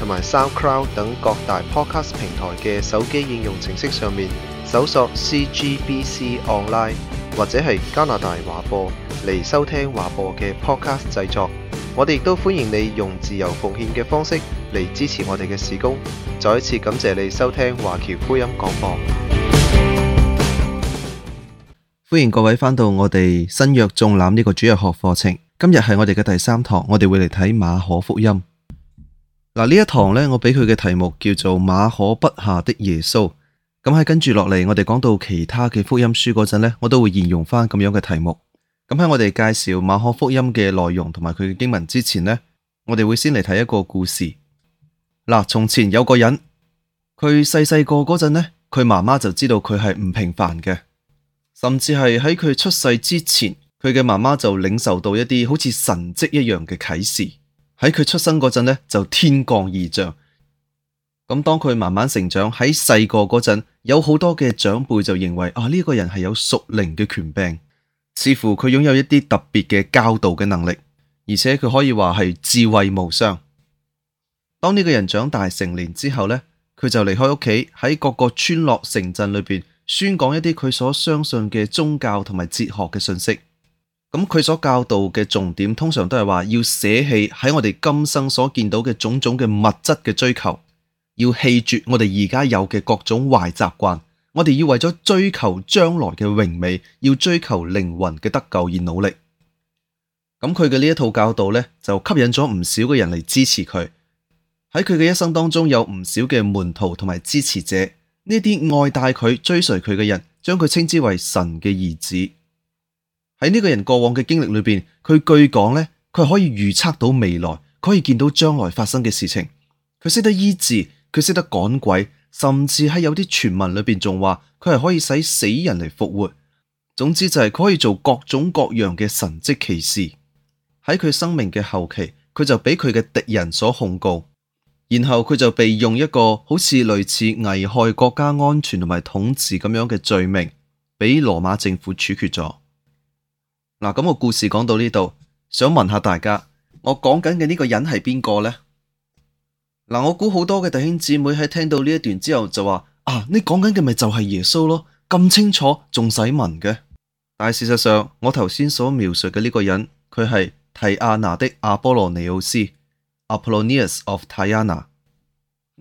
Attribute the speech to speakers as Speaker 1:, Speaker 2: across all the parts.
Speaker 1: 同埋 SoundCloud 等各大 Podcast 平台嘅手機應用程式上面搜索 CGBC Online 或者係加拿大華播嚟收聽華播嘅 Podcast 製作。我哋亦都歡迎你用自由奉獻嘅方式嚟支持我哋嘅事工。再一次感謝你收聽華僑福音廣播。歡迎各位翻到我哋新約縱覽呢個主日學課程。今日係我哋嘅第三堂，我哋會嚟睇馬可福音。嗱，呢一堂咧，我俾佢嘅題目叫做馬可筆下的耶穌。咁喺跟住落嚟，我哋講到其他嘅福音書嗰陣咧，我都會沿用翻咁樣嘅題目。咁喺我哋介紹馬可福音嘅內容同埋佢嘅經文之前咧，我哋會先嚟睇一個故事。嗱，從前有個人，佢細細個嗰陣咧，佢媽媽就知道佢係唔平凡嘅，甚至係喺佢出世之前，佢嘅媽媽就領受到一啲好似神蹟一樣嘅啟示。喺佢出生嗰陣呢，就天降異象。咁當佢慢慢成長，喺細個嗰陣，有好多嘅長輩就認為啊呢、這個人係有屬靈嘅權柄，似乎佢擁有一啲特別嘅教導嘅能力，而且佢可以話係智慧無雙。當呢個人長大成年之後呢，佢就離開屋企，喺各個村落城鎮面、城鎮裏邊宣講一啲佢所相信嘅宗教同埋哲學嘅信息。咁佢所教導嘅重點通常都係話要捨棄喺我哋今生所見到嘅種種嘅物質嘅追求，要棄絕我哋而家有嘅各種壞習慣，我哋要為咗追求將來嘅榮美，要追求靈魂嘅得救而努力。咁佢嘅呢一套教導咧，就吸引咗唔少嘅人嚟支持佢。喺佢嘅一生當中有唔少嘅門徒同埋支持者，呢啲愛戴佢、追隨佢嘅人，將佢稱之為神嘅兒子。喺呢個人過往嘅經歷裏邊，佢據講呢，佢可以預測到未來，佢可以見到將來發生嘅事情。佢識得醫治，佢識得趕鬼，甚至喺有啲傳聞裏邊仲話佢係可以使死人嚟復活。總之就係佢可以做各種各樣嘅神蹟奇事。喺佢生命嘅後期，佢就俾佢嘅敵人所控告，然後佢就被用一個好似類似危害國家安全同埋統治咁樣嘅罪名，俾羅馬政府處決咗。嗱，咁個故事講到呢度，想問下大家，我講緊嘅呢個人係邊個呢？嗱，我估好多嘅弟兄姊妹喺聽到呢一段之後就話：「啊，你講緊嘅咪就係耶穌咯，咁清楚，仲使問嘅？但係事實上，我頭先所描述嘅呢個人，佢係提亞納的阿波羅尼奧斯 （Apollonius of Tyana）。呢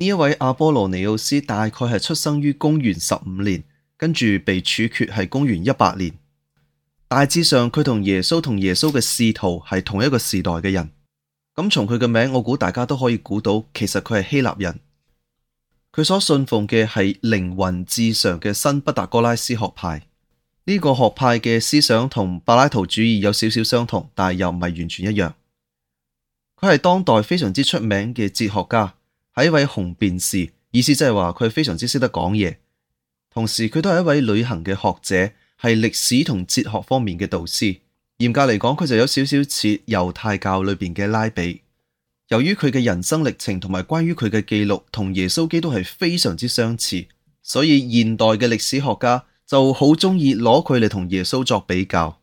Speaker 1: 一位阿波羅尼奧斯大概係出生於公元十五年，跟住被處決係公元一百年。大致上，佢同耶穌同耶穌嘅使徒係同一個時代嘅人。咁從佢嘅名，我估大家都可以估到，其實佢係希臘人。佢所信奉嘅係靈魂至上嘅新畢達哥拉斯學派。呢、這個學派嘅思想同柏拉圖主義有少少相同，但係又唔係完全一樣。佢係當代非常之出名嘅哲學家，係一位雄辯士，意思即係話佢非常之識得講嘢。同時，佢都係一位旅行嘅學者。係歷史同哲學方面嘅導師，嚴格嚟講，佢就有少少似猶太教裏邊嘅拉比。由於佢嘅人生歷程同埋關於佢嘅記錄，同耶穌基督係非常之相似，所以現代嘅歷史學家就好中意攞佢嚟同耶穌作比較。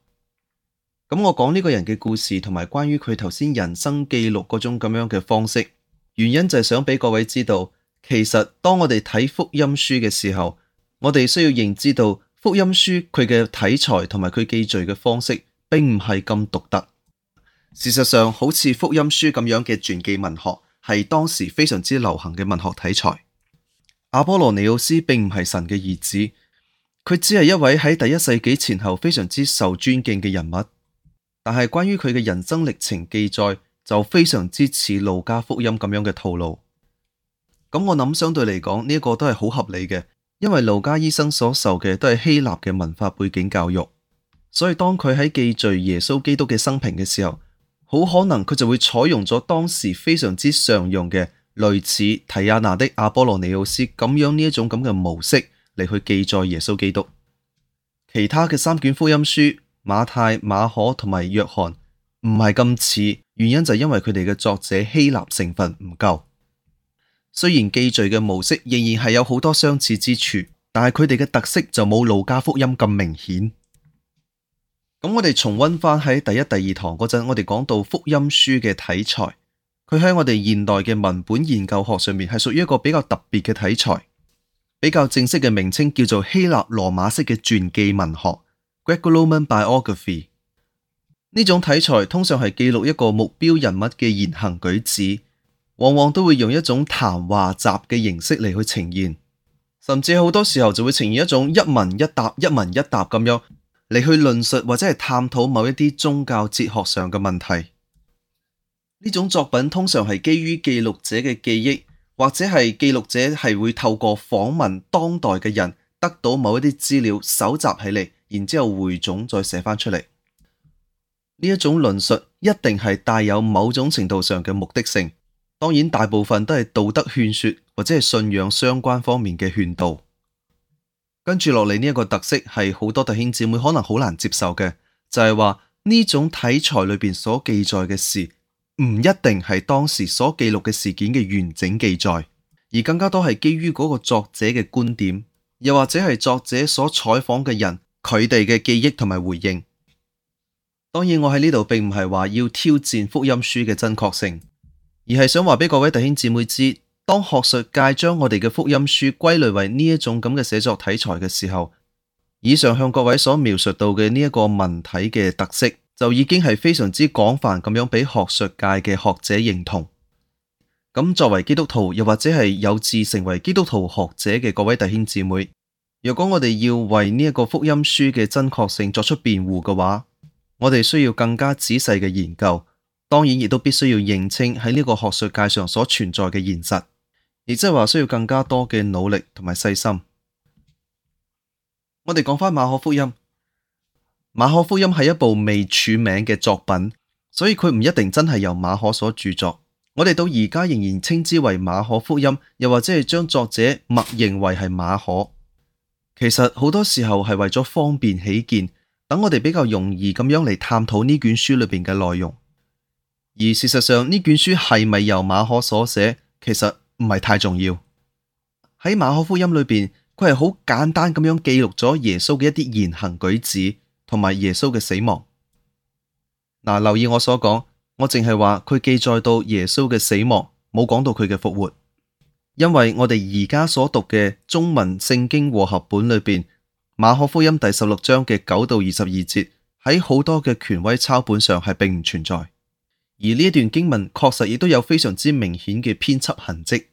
Speaker 1: 咁我講呢個人嘅故事同埋關於佢頭先人生記錄嗰種咁樣嘅方式，原因就係想俾各位知道，其實當我哋睇福音書嘅時候，我哋需要認知到。福音書佢嘅體裁同埋佢記敘嘅方式，並唔係咁獨特。事實上，好似福音書咁樣嘅傳記文學，係當時非常之流行嘅文學體裁。阿波羅尼奧斯並唔係神嘅兒子，佢只係一位喺第一世紀前後非常之受尊敬嘅人物。但係關於佢嘅人生歷程記載，就非常之似路加福音咁樣嘅套路。咁、嗯、我諗相對嚟講，呢、這、一個都係好合理嘅。因為路加醫生所受嘅都係希臘嘅文化背景教育，所以當佢喺記敘耶穌基督嘅生平嘅時候，好可能佢就會採用咗當時非常之常用嘅類似提亞納的阿波羅尼奧斯咁樣呢一種咁嘅模式嚟去記載耶穌基督。其他嘅三卷福音書，馬太、馬可同埋約翰唔係咁似，原因就係因為佢哋嘅作者希臘成分唔夠。雖然記敘嘅模式仍然係有好多相似之處，但係佢哋嘅特色就冇老家福音咁明顯。咁我哋重溫翻喺第一、第二堂嗰陣，我哋講到福音書嘅題材，佢喺我哋現代嘅文本研究學上面係屬於一個比較特別嘅題材。比較正式嘅名稱叫做希臘羅馬式嘅傳記文學 g r e g k Roman Biography）。呢 Bi 種題材通常係記錄一個目標人物嘅言行舉止。往往都會用一種談話集嘅形式嚟去呈現，甚至好多時候就會呈現一種一問一答、一問一答咁樣嚟去論述或者係探討某一啲宗教哲學上嘅問題。呢種作品通常係基於記錄者嘅記憶，或者係記錄者係會透過訪問當代嘅人，得到某一啲資料搜集起嚟，然之後匯總再寫翻出嚟。呢一種論述一定係帶有某種程度上嘅目的性。當然，大部分都係道德勸說或者係信仰相關方面嘅勸導。跟住落嚟，呢一個特色係好多弟兄姊妹可能好難接受嘅，就係話呢種題材裏邊所記載嘅事，唔一定係當時所記錄嘅事件嘅完整記載，而更加多係基於嗰個作者嘅觀點，又或者係作者所採訪嘅人佢哋嘅記憶同埋回應。當然，我喺呢度並唔係話要挑戰福音書嘅真確性。而係想話俾各位弟兄姊妹知，當學術界將我哋嘅福音書歸類為呢一種咁嘅寫作題材嘅時候，以上向各位所描述到嘅呢一個文體嘅特色，就已經係非常之廣泛咁樣俾學術界嘅學者認同。咁作為基督徒，又或者係有志成為基督徒學者嘅各位弟兄姊妹，若果我哋要為呢一個福音書嘅真確性作出辯護嘅話，我哋需要更加仔細嘅研究。當然，亦都必須要認清喺呢個學術界上所存在嘅現實，亦即係話需要更加多嘅努力同埋細心。我哋講翻馬可福音，馬可福音係一部未署名嘅作品，所以佢唔一定真係由馬可所著作。我哋到而家仍然稱之為馬可福音，又或者係將作者默認為係馬可。其實好多時候係為咗方便起見，等我哋比較容易咁樣嚟探討呢卷書裏邊嘅內容。而事實上呢卷書係咪由馬可所寫，其實唔係太重要。喺馬可福音裡邊，佢係好簡單咁樣記錄咗耶穌嘅一啲言行舉止，同埋耶穌嘅死亡。嗱，留意我所講，我淨係話佢記載到耶穌嘅死亡，冇講到佢嘅復活，因為我哋而家所讀嘅中文聖經和合本裡邊，馬可福音第十六章嘅九到二十二節，喺好多嘅權威抄本上係並唔存在。而呢段經文確實亦都有非常之明顯嘅編輯痕跡。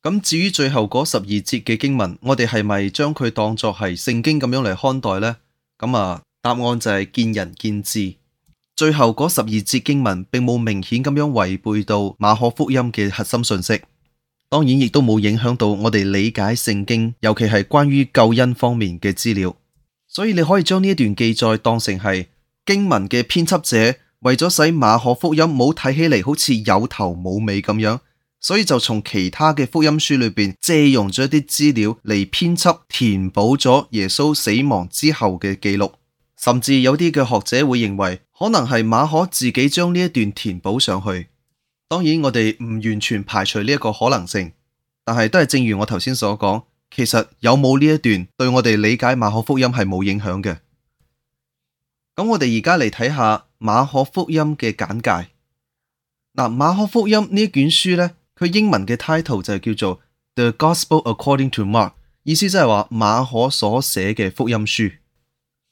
Speaker 1: 咁至於最後嗰十二節嘅經文，我哋係咪將佢當作係聖經咁樣嚟看待呢？咁啊，答案就係見仁見智。最後嗰十二節經文並冇明顯咁樣違背到馬可福音嘅核心信息，當然亦都冇影響到我哋理解聖經，尤其係關於救恩方面嘅資料。所以你可以將呢段記載當成係經文嘅編輯者。為咗使馬可福音冇睇起嚟好似有頭冇尾咁樣，所以就從其他嘅福音書裏邊借用咗一啲資料嚟編輯填補咗耶穌死亡之後嘅記錄，甚至有啲嘅學者會認為可能係馬可自己將呢一段填補上去。當然我哋唔完全排除呢一個可能性，但係都係正如我頭先所講，其實有冇呢一段對我哋理解馬可福音係冇影響嘅。咁我哋而家嚟睇下。馬可福音嘅簡介嗱、啊，馬可福音呢一卷書咧，佢英文嘅 title 就叫做 The Gospel According to Mark，意思即係話馬可所寫嘅福音書。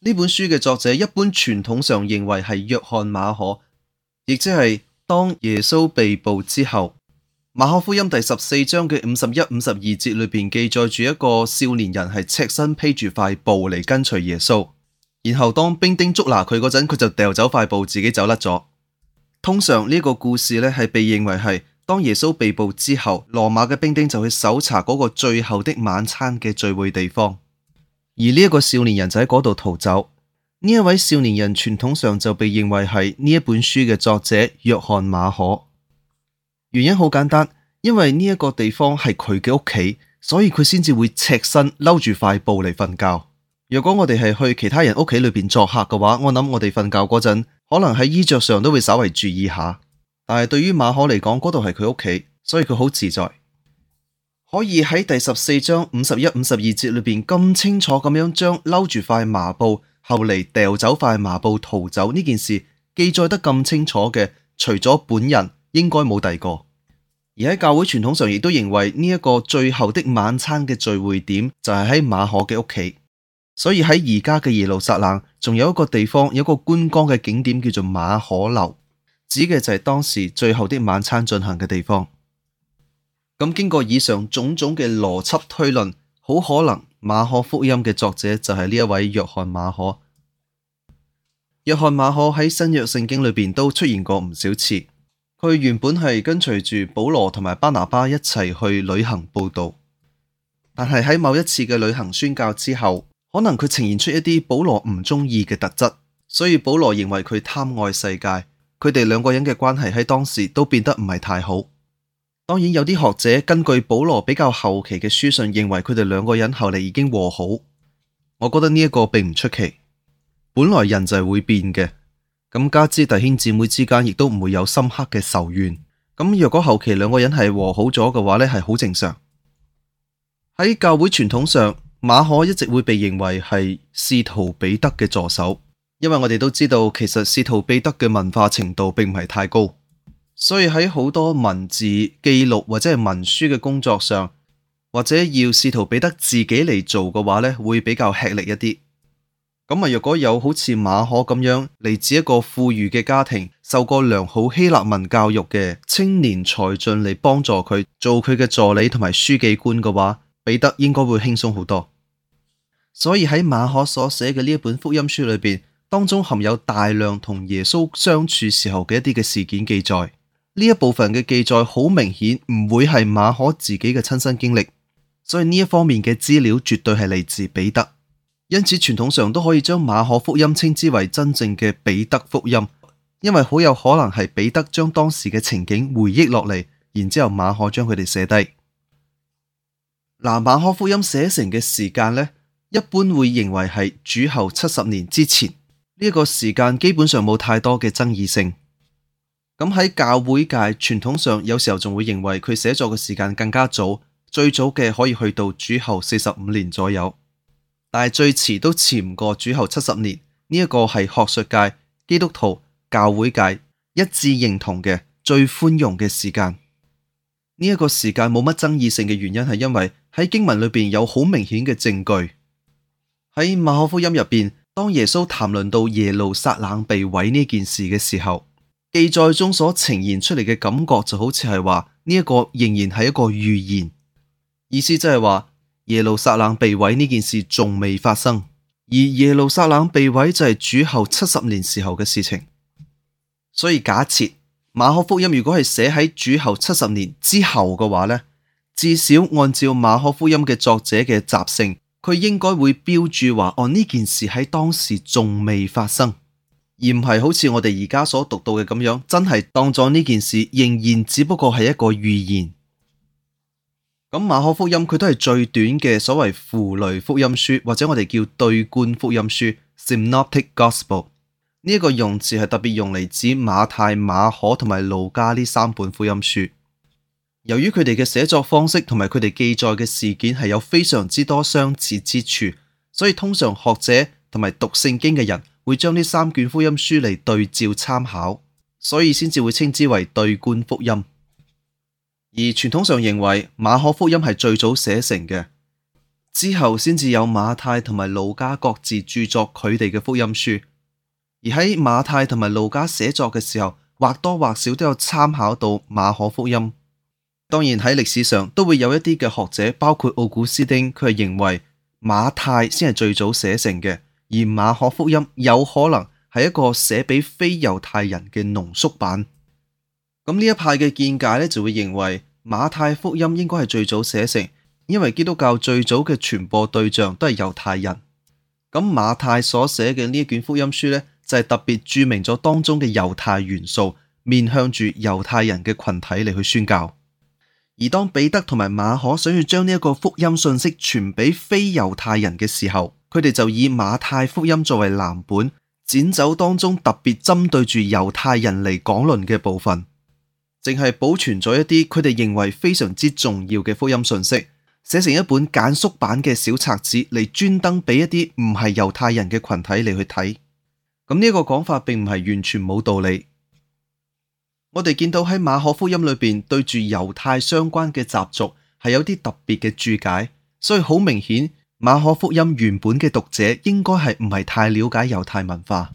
Speaker 1: 呢本書嘅作者一般傳統上認為係約翰馬可，亦即係當耶穌被捕之後，馬可福音第十四章嘅五十一、五十二節裏邊記載住一個少年人係赤身披住塊布嚟跟隨耶穌。然後當兵丁捉拿佢嗰陣，佢就掉走塊布，自己走甩咗。通常呢個故事咧係被認為係當耶穌被捕之後，羅馬嘅兵丁就去搜查嗰個最後的晚餐嘅聚會地方，而呢一個少年人就喺嗰度逃走。呢一位少年人傳統上就被認為係呢一本書嘅作者約翰馬可。原因好簡單，因為呢一個地方係佢嘅屋企，所以佢先至會赤身摟住塊布嚟瞓覺。如果我哋係去其他人屋企裏邊作客嘅話，我諗我哋瞓覺嗰陣，可能喺衣着上都會稍微注意下。但係對於馬可嚟講，嗰度係佢屋企，所以佢好自在，可以喺第十四章五十一、五十二節裏邊咁清楚咁樣將撈住塊麻布，後嚟掉走塊麻布逃走呢件事記載得咁清楚嘅，除咗本人，應該冇第二個。而喺教會傳統上，亦都認為呢一個最後的晚餐嘅聚會點就係喺馬可嘅屋企。所以喺而家嘅耶路撒冷，仲有一個地方，有一個觀光嘅景點，叫做馬可樓，指嘅就係當時最後的晚餐進行嘅地方。咁經過以上種種嘅邏輯推論，好可能馬可福音嘅作者就係呢一位約翰馬可。約翰馬可喺新約聖經裏邊都出現過唔少次。佢原本係跟隨住保羅同埋巴拿巴一齊去旅行報道，但係喺某一次嘅旅行宣教之後。可能佢呈現出一啲保羅唔中意嘅特質，所以保羅認為佢貪愛世界，佢哋兩個人嘅關係喺當時都變得唔係太好。當然有啲學者根據保羅比較後期嘅書信，認為佢哋兩個人後嚟已經和好。我覺得呢一個並唔出奇，本來人就係會變嘅，咁加之弟兄姊妹之間亦都唔會有深刻嘅仇怨，咁若果後期兩個人係和好咗嘅話呢係好正常。喺教會傳統上，馬可一直會被認為係使徒彼得嘅助手，因為我哋都知道，其實使徒彼得嘅文化程度並唔係太高，所以喺好多文字記錄或者係文書嘅工作上，或者要使徒彼得自己嚟做嘅話呢，會比較吃力一啲。咁啊，如果有好似馬可咁樣嚟自一個富裕嘅家庭，受過良好希臘文教育嘅青年才俊嚟幫助佢做佢嘅助理同埋書記官嘅話，彼得應該會輕鬆好多，所以喺馬可所寫嘅呢一本福音書裏邊，當中含有大量同耶穌相處時候嘅一啲嘅事件記載。呢一部分嘅記載好明顯唔會係馬可自己嘅親身經歷，所以呢一方面嘅資料絕對係嚟自彼得。因此傳統上都可以將馬可福音稱之為真正嘅彼得福音，因為好有可能係彼得將當時嘅情景回憶落嚟，然之後馬可將佢哋寫低。嗱，馬可福音寫成嘅時間呢，一般會認為係主後七十年之前，呢一個時間基本上冇太多嘅爭議性。咁喺教會界傳統上，有時候仲會認為佢寫作嘅時間更加早，最早嘅可以去到主後四十五年左右，但係最遲都遲唔過主後七十年。呢一個係學術界、基督徒、教會界一致認同嘅最寬容嘅時間。呢一個時間冇乜爭議性嘅原因係因為，喺經文裏邊有好明顯嘅證據，喺馬可福音入邊，當耶穌談論到耶路撒冷被毀呢件事嘅時候，記載中所呈現出嚟嘅感覺就好似係話呢一個仍然係一個預言，意思即係話耶路撒冷被毀呢件事仲未發生，而耶路撒冷被毀就係主後七十年時候嘅事情，所以假設馬可福音如果係寫喺主後七十年之後嘅話呢。至少按照馬可福音嘅作者嘅習性，佢應該會標注話，哦，呢件事喺當時仲未發生，而唔係好似我哋而家所讀到嘅咁樣，真係當咗呢件事仍然只不過係一個預言。咁馬可福音佢都係最短嘅所謂符類福音書，或者我哋叫對觀福音書 （Synoptic Gospel）。呢、這、一個用詞係特別用嚟指馬太、馬可同埋路加呢三本福音書。由於佢哋嘅寫作方式同埋佢哋記載嘅事件係有非常之多相似之處，所以通常學者同埋讀聖經嘅人會將呢三卷福音書嚟對照參考，所以先至會稱之為對觀福音。而傳統上認為馬可福音係最早寫成嘅，之後先至有馬太同埋路加各自著作佢哋嘅福音書。而喺馬太同埋路加寫作嘅時候，或多或少都有參考到馬可福音。當然喺歷史上都會有一啲嘅學者，包括奧古斯丁，佢係認為馬太先係最早寫成嘅，而馬可福音有可能係一個寫俾非猶太人嘅濃縮版。咁呢一派嘅見解呢，就會認為馬太福音應該係最早寫成，因為基督教最早嘅傳播對象都係猶太人。咁馬太所寫嘅呢卷福音書呢，就係特別注明咗當中嘅猶太元素，面向住猶太人嘅群體嚟去宣教。而當彼得同埋馬可想要將呢一個福音信息傳俾非猶太人嘅時候，佢哋就以馬太福音作為藍本，剪走當中特別針對住猶太人嚟講論嘅部分，淨係保存咗一啲佢哋認為非常之重要嘅福音信息，寫成一本簡縮版嘅小冊子嚟專登俾一啲唔係猶太人嘅群體嚟去睇。咁呢個講法並唔係完全冇道理。我哋見到喺馬可福音裏邊對住猶太相關嘅習俗係有啲特別嘅注解，所以好明顯馬可福音原本嘅讀者應該係唔係太了解猶太文化，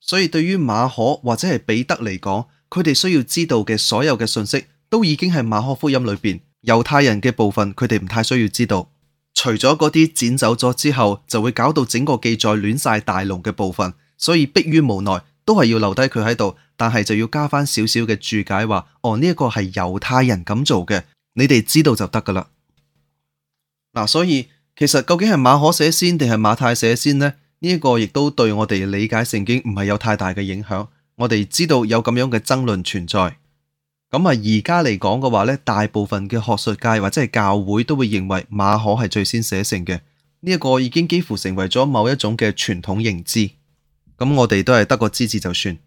Speaker 1: 所以對於馬可或者係彼得嚟講，佢哋需要知道嘅所有嘅信息都已經係馬可福音裏邊猶太人嘅部分，佢哋唔太需要知道，除咗嗰啲剪走咗之後就會搞到整個記載亂晒大龍嘅部分，所以迫於無奈。都係要留低佢喺度，但係就要加翻少少嘅注解，話，哦，呢一個係猶太人咁做嘅，你哋知道就得噶啦。嗱，所以其實究竟係馬可寫先定係馬太寫先呢？呢一個亦都對我哋理解聖經唔係有太大嘅影響。我哋知道有咁樣嘅爭論存在。咁啊，而家嚟講嘅話呢，大部分嘅學術界或者係教會都會認為馬可係最先寫成嘅。呢一個已經幾乎成為咗某一種嘅傳統認知。咁我哋都係得個知字就算。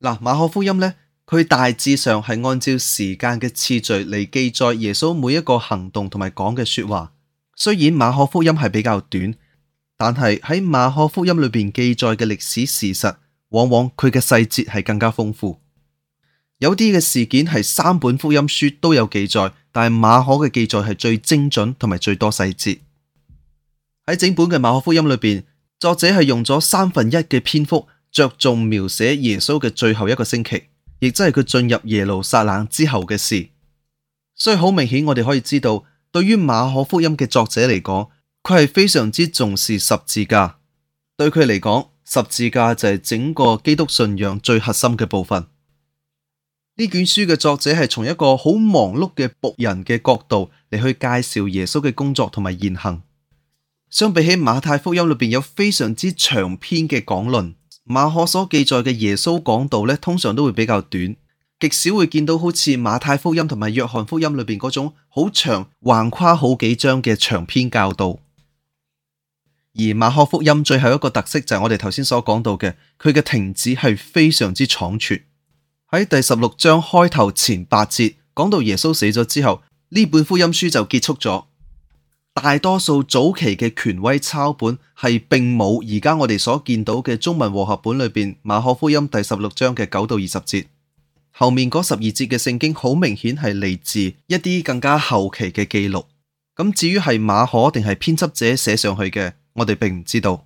Speaker 1: 嗱，馬可福音呢，佢大致上係按照時間嘅次序嚟記載耶穌每一個行動同埋講嘅說話。雖然馬可福音係比較短，但係喺馬可福音裏邊記載嘅歷史事實，往往佢嘅細節係更加豐富。有啲嘅事件係三本福音書都有記載，但係馬可嘅記載係最精準同埋最多細節。喺整本嘅馬可福音裏邊。.作者係用咗三分一嘅篇幅着重描寫耶穌嘅最後一個星期，亦即係佢進入耶路撒冷之後嘅事。所以好明顯，我哋可以知道，對於馬可福音嘅作者嚟講，佢係非常之重視十字架。對佢嚟講，十字架就係整個基督信仰最核心嘅部分。呢卷書嘅作者係從一個好忙碌嘅僕人嘅角度嚟去介紹耶穌嘅工作同埋言行。相比起馬太福音裏邊有非常之長篇嘅講論，馬可所記載嘅耶穌講道呢，通常都會比較短，極少會見到好似馬太福音同埋約翰福音裏邊嗰種好長、橫跨好幾章嘅長篇教導。而馬可福音最後一個特色就係我哋頭先所講到嘅，佢嘅停止係非常之倉促。喺第十六章開頭前八節講到耶穌死咗之後，呢本福音書就結束咗。大多數早期嘅權威抄本係並冇而家我哋所見到嘅中文和合本裏邊馬可福音第十六章嘅九到二十節後面嗰十二節嘅聖經，好明顯係嚟自一啲更加後期嘅記錄。咁至於係馬可定係編輯者寫上去嘅，我哋並唔知道。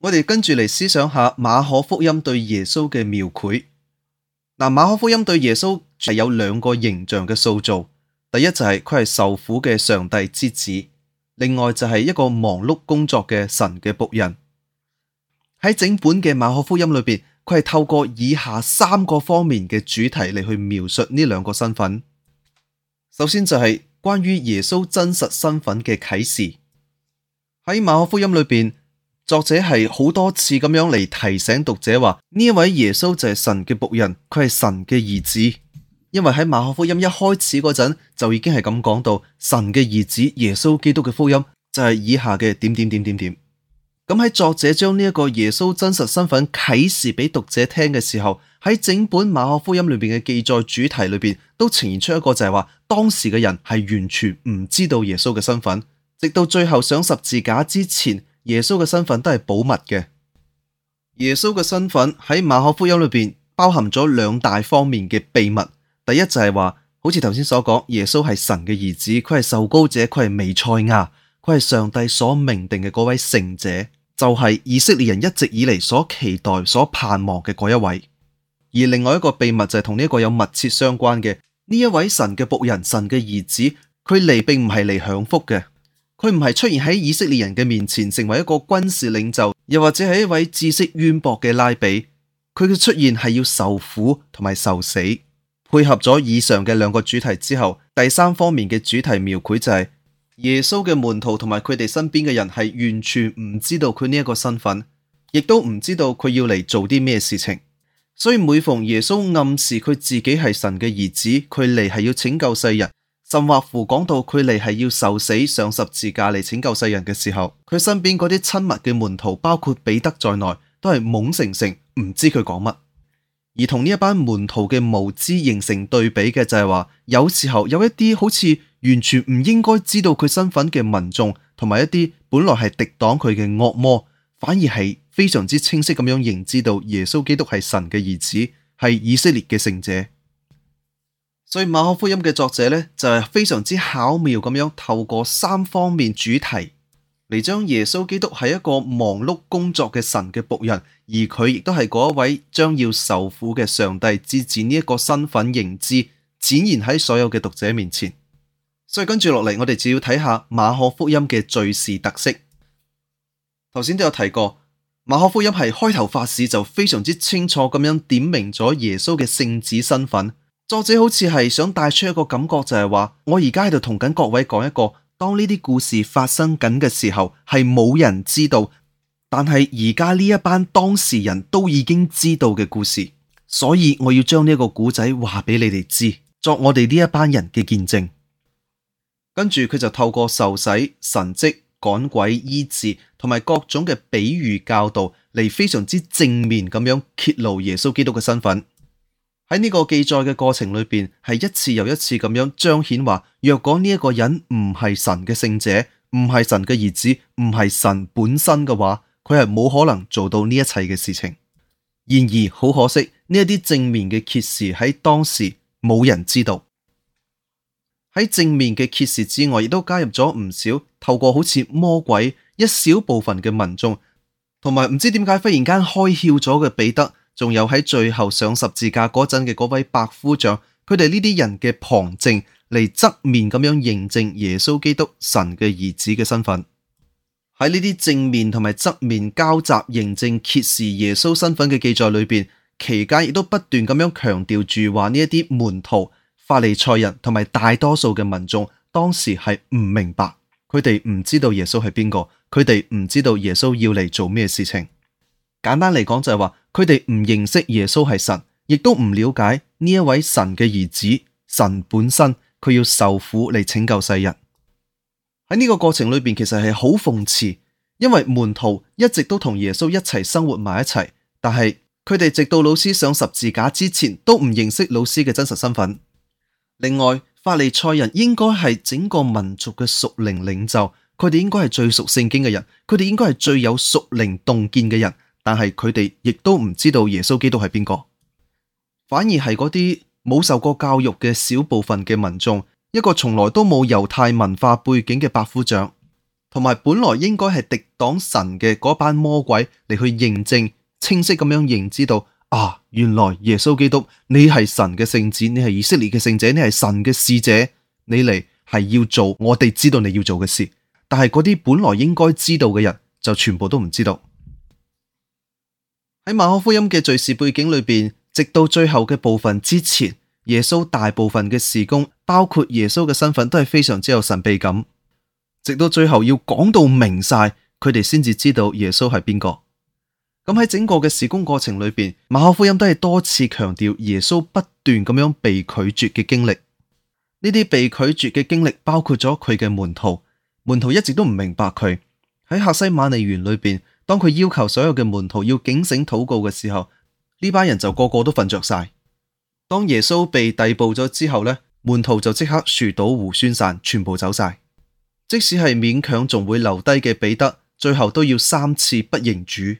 Speaker 1: 我哋跟住嚟思想下馬可福音對耶穌嘅描繪。嗱，馬可福音對耶穌係有兩個形象嘅塑造。第一就係佢係受苦嘅上帝之子，另外就係一個忙碌工作嘅神嘅僕人。喺整本嘅馬可福音裏邊，佢係透過以下三個方面嘅主題嚟，去描述呢兩個身份。首先就係關於耶穌真實身份嘅啟示。喺馬可福音裏邊，作者係好多次咁樣嚟提醒讀者話：呢一位耶穌就係神嘅僕人，佢係神嘅兒子。因為喺馬可福音一開始嗰陣就已經係咁講到神嘅兒子耶穌基督嘅福音就係以下嘅點點點點點。咁喺作者將呢一個耶穌真實身份啟示俾讀者聽嘅時候，喺整本馬可福音裏邊嘅記載主題裏邊都呈現出一個就係話當時嘅人係完全唔知道耶穌嘅身份，直到最後上十字架之前，耶穌嘅身份都係保密嘅。耶穌嘅身份喺馬可福音裏邊包含咗兩大方面嘅秘密。第一就係話，好似頭先所講，耶穌係神嘅兒子，佢係受膏者，佢係彌賽亞，佢係上帝所命定嘅嗰位聖者，就係、是、以色列人一直以嚟所期待、所盼望嘅嗰一位。而另外一個秘密就係同呢一個有密切相關嘅呢一位神嘅僕人、神嘅兒子，佢嚟並唔係嚟享福嘅，佢唔係出現喺以色列人嘅面前成為一個軍事領袖，又或者係一位知識淵博嘅拉比，佢嘅出現係要受苦同埋受死。配合咗以上嘅兩個主題之後，第三方面嘅主題描繪就係耶穌嘅門徒同埋佢哋身邊嘅人係完全唔知道佢呢一個身份，亦都唔知道佢要嚟做啲咩事情。所以每逢耶穌暗示佢自己係神嘅兒子，佢嚟係要拯救世人，甚或乎講到佢嚟係要受死上十字架嚟拯救世人嘅時候，佢身邊嗰啲親密嘅門徒，包括彼得在內，都係懵成成，唔知佢講乜。而同呢一班門徒嘅無知形成對比嘅就係話，有時候有一啲好似完全唔應該知道佢身份嘅民眾，同埋一啲本來係敵擋佢嘅惡魔，反而係非常之清晰咁樣認知到耶穌基督係神嘅兒子，係以色列嘅聖者。所以馬可福音嘅作者呢，就係非常之巧妙咁樣透過三方面主題嚟將耶穌基督係一個忙碌工作嘅神嘅僕人。而佢亦都係嗰一位將要受苦嘅上帝之子呢一個身份認知，展現喺所有嘅讀者面前。所以跟住落嚟，我哋就要睇下馬可福音嘅敘事特色。頭先都有提過，馬可福音係開頭發史就非常之清楚咁樣點明咗耶穌嘅聖子身份。作者好似係想帶出一個感覺就，就係話我而家喺度同緊各位講一個，當呢啲故事發生緊嘅時候，係冇人知道。但係而家呢一班當事人都已經知道嘅故事，所以我要將呢個故仔話俾你哋知，作我哋呢一班人嘅見證。跟住佢就透過受洗、神蹟、趕鬼、醫治同埋各種嘅比喻教導，嚟非常之正面咁樣揭露耶穌基督嘅身份。喺呢個記載嘅過程裏邊，係一次又一次咁樣彰顯話：若果呢一個人唔係神嘅聖者，唔係神嘅兒子，唔係神本身嘅話。佢係冇可能做到呢一切嘅事情。然而，好可惜呢一啲正面嘅揭示喺當時冇人知道。喺正面嘅揭示之外，亦都加入咗唔少透過好似魔鬼一小部分嘅民眾，同埋唔知點解忽然間開竅咗嘅彼得，仲有喺最後上十字架嗰陣嘅嗰位百夫長，佢哋呢啲人嘅旁證嚟側面咁樣認證耶穌基督神嘅兒子嘅身份。喺呢啲正面同埋側面交集認證揭示耶穌身份嘅記載裏邊，期間亦都不斷咁樣強調住話呢一啲門徒、法利賽人同埋大多數嘅民眾當時係唔明白，佢哋唔知道耶穌係邊個，佢哋唔知道耶穌要嚟做咩事情。簡單嚟講就係話，佢哋唔認識耶穌係神，亦都唔了解呢一位神嘅兒子，神本身佢要受苦嚟拯救世人。喺呢個過程裏邊，其實係好諷刺，因為門徒一直都同耶穌一齊生活埋一齊，但係佢哋直到老師上十字架之前都唔認識老師嘅真實身份。另外，法利賽人應該係整個民族嘅屬靈領袖，佢哋應該係最熟聖經嘅人，佢哋應該係最有屬靈洞見嘅人，但係佢哋亦都唔知道耶穌基督係邊個，反而係嗰啲冇受過教育嘅小部分嘅民眾。一個從來都冇猶太文化背景嘅百夫長，同埋本來應該係敵擋神嘅嗰班魔鬼嚟，去認證，清晰咁樣認知到啊，原來耶穌基督你係神嘅聖子，你係以色列嘅聖者，你係神嘅使者，你嚟係要做我哋知道你要做嘅事，但係嗰啲本來應該知道嘅人就全部都唔知道。喺馬可福音嘅敘事背景裏邊，直到最後嘅部分之前。耶穌大部分嘅事工，包括耶穌嘅身份，都係非常之有神秘感。直到最後要講到明晒，佢哋先至知道耶穌係邊個。咁喺整個嘅事工過程裏邊，馬可福音都係多次強調耶穌不斷咁樣被拒絕嘅經歷。呢啲被拒絕嘅經歷包括咗佢嘅門徒，門徒一直都唔明白佢。喺客西馬尼園裏邊，當佢要求所有嘅門徒要警醒禱告嘅時候，呢班人就個個都瞓着晒。當耶穌被逮捕咗之後呢，門徒就即刻樹倒猢猻散，全部走晒。即使係勉強仲會留低嘅彼得，最後都要三次不認主。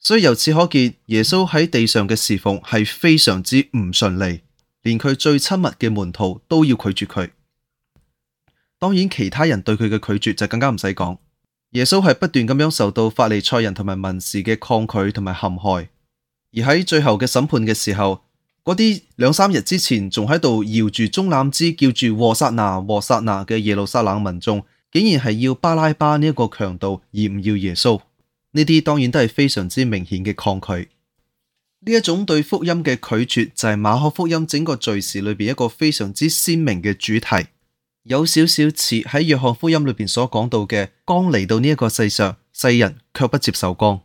Speaker 1: 所以由此可見，耶穌喺地上嘅侍奉係非常之唔順利，連佢最親密嘅門徒都要拒絕佢。當然，其他人對佢嘅拒絕就更加唔使講。耶穌係不斷咁樣受到法利賽人同埋文士嘅抗拒同埋陷害，而喺最後嘅審判嘅時候。嗰啲兩三日之前仲喺度搖住棕櫚枝叫住和撒拿、和撒拿嘅耶路撒冷民眾，竟然係要巴拉巴呢一個強盜而唔要耶穌，呢啲當然都係非常之明顯嘅抗拒。呢一種對福音嘅拒絕就係馬可福音整個敘事裏邊一個非常之鮮明嘅主題，有少少似喺約翰福音裏邊所講到嘅，光嚟到呢一個世上，世人卻不接受光，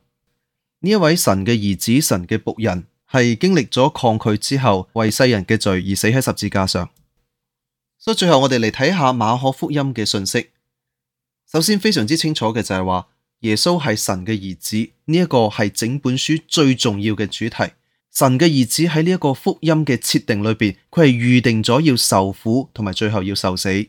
Speaker 1: 呢一位神嘅兒子，神嘅僕人，係經歷咗抗拒之後，為世人嘅罪而死喺十字架上。所以最後我哋嚟睇下馬可福音嘅信息。首先非常之清楚嘅就係話耶穌係神嘅兒子，呢一個係整本書最重要嘅主題。神嘅兒子喺呢一個福音嘅設定裏邊，佢係預定咗要受苦同埋最後要受死。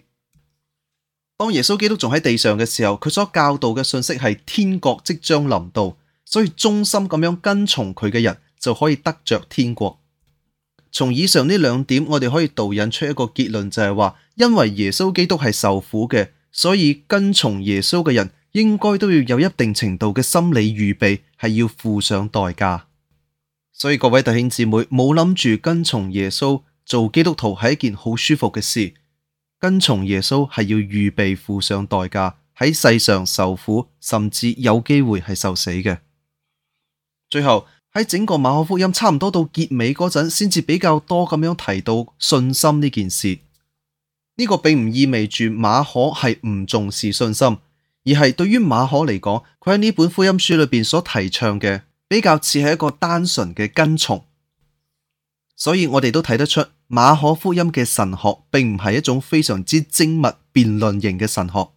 Speaker 1: 當耶穌基督仲喺地上嘅時候，佢所教導嘅信息係天國即將臨到，所以忠心咁樣跟從佢嘅人，就可以得着天國。從以上呢兩點，我哋可以導引出一個結論，就係話，因為耶穌基督係受苦嘅，所以跟從耶穌嘅人應該都要有一定程度嘅心理預備，係要付上代價。所以各位弟兄姊妹，冇諗住跟從耶穌做基督徒係一件好舒服嘅事，跟從耶穌係要預備付上代價，喺世上受苦，甚至有機會係受死嘅。最後。喺整個馬可福音差唔多到結尾嗰陣，先至比較多咁樣提到信心呢件事。呢個並唔意味住馬可係唔重視信心，而係對於馬可嚟講，佢喺呢本福音書裏邊所提倡嘅，比較似係一個單純嘅跟從。所以我哋都睇得出馬可福音嘅神學，並唔係一種非常之精密辯論型嘅神學，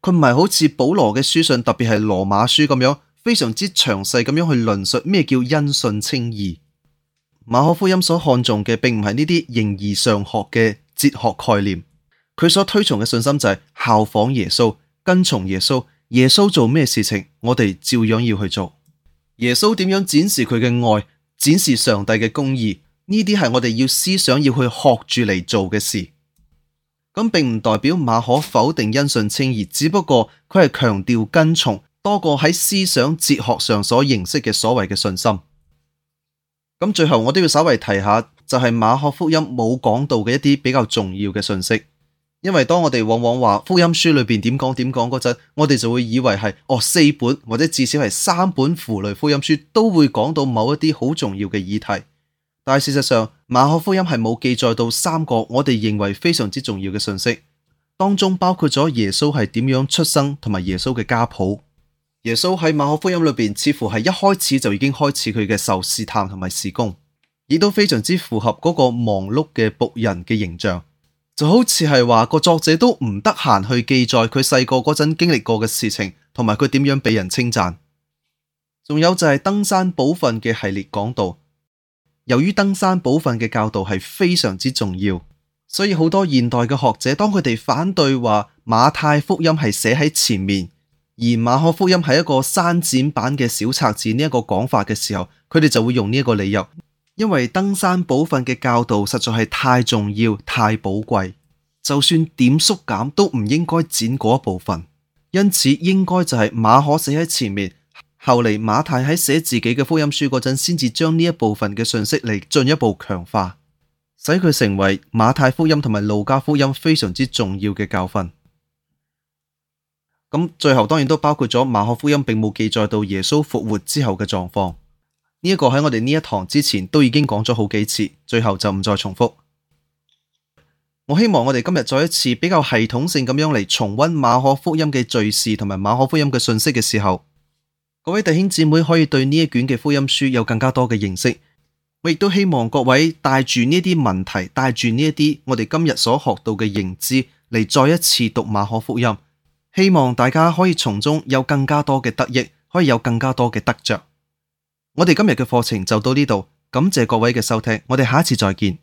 Speaker 1: 佢唔係好似保羅嘅書信，特別係羅馬書咁樣。非常之詳細咁樣去論述咩叫因信稱義。馬可福音所看重嘅並唔係呢啲形而上學嘅哲學概念，佢所推崇嘅信心就係效仿耶穌、跟從耶穌。耶穌做咩事情，我哋照樣要去做。耶穌點樣展示佢嘅愛、展示上帝嘅公義，呢啲係我哋要思想、要去學住嚟做嘅事。咁並唔代表馬可否定因信稱義，只不過佢係強調跟從多過喺思想哲學上所認識嘅所謂嘅信心。咁最後我都要稍微提下，就係馬可福音冇講到嘅一啲比較重要嘅信息。因為當我哋往往話福音書裏邊點講點講嗰陣，我哋就會以為係哦，四本或者至少係三本符類福音書都會講到某一啲好重要嘅議題。但係事實上，馬可福音係冇記載到三個我哋認為非常之重要嘅信息，當中包括咗耶穌係點樣出生同埋耶穌嘅家譜。耶穌喺馬可福音裏邊，似乎係一開始就已經開始佢嘅受試探同埋事工，亦都非常之符合嗰個忙碌嘅僕人嘅形象，就好似係話個作者都唔得閒去記載佢細個嗰陣經歷過嘅事情，同埋佢點樣畀人稱讚。仲有就係登山寶訓嘅系列講道，由於登山寶訓嘅教導係非常之重要，所以好多現代嘅學者當佢哋反對話馬太福音係寫喺前面。而馬可福音係一個刪剪版嘅小冊子呢一個講法嘅時候，佢哋就會用呢一個理由，因為登山寶訓嘅教導實在係太重要、太寶貴，就算點縮減都唔應該剪嗰一部分。因此應該就係馬可寫喺前面，後嚟馬太喺寫自己嘅福音書嗰陣，先至將呢一部分嘅信息嚟進一步強化，使佢成為馬太福音同埋路加福音非常之重要嘅教訓。咁最後當然都包括咗馬可福音，並冇記載到耶穌復活之後嘅狀況。呢一個喺我哋呢一堂之前都已經講咗好幾次，最後就唔再重複。我希望我哋今日再一次比較系統性咁樣嚟重温馬可福音嘅敘事同埋馬可福音嘅信息嘅時候，各位弟兄姊妹可以對呢一卷嘅福音書有更加多嘅認識。我亦都希望各位帶住呢啲問題，帶住呢一啲我哋今日所學到嘅認知嚟再一次讀馬可福音。希望大家可以從中有更加多嘅得益，可以有更加多嘅得着。我哋今日嘅課程就到呢度，感謝各位嘅收聽，我哋下次再見。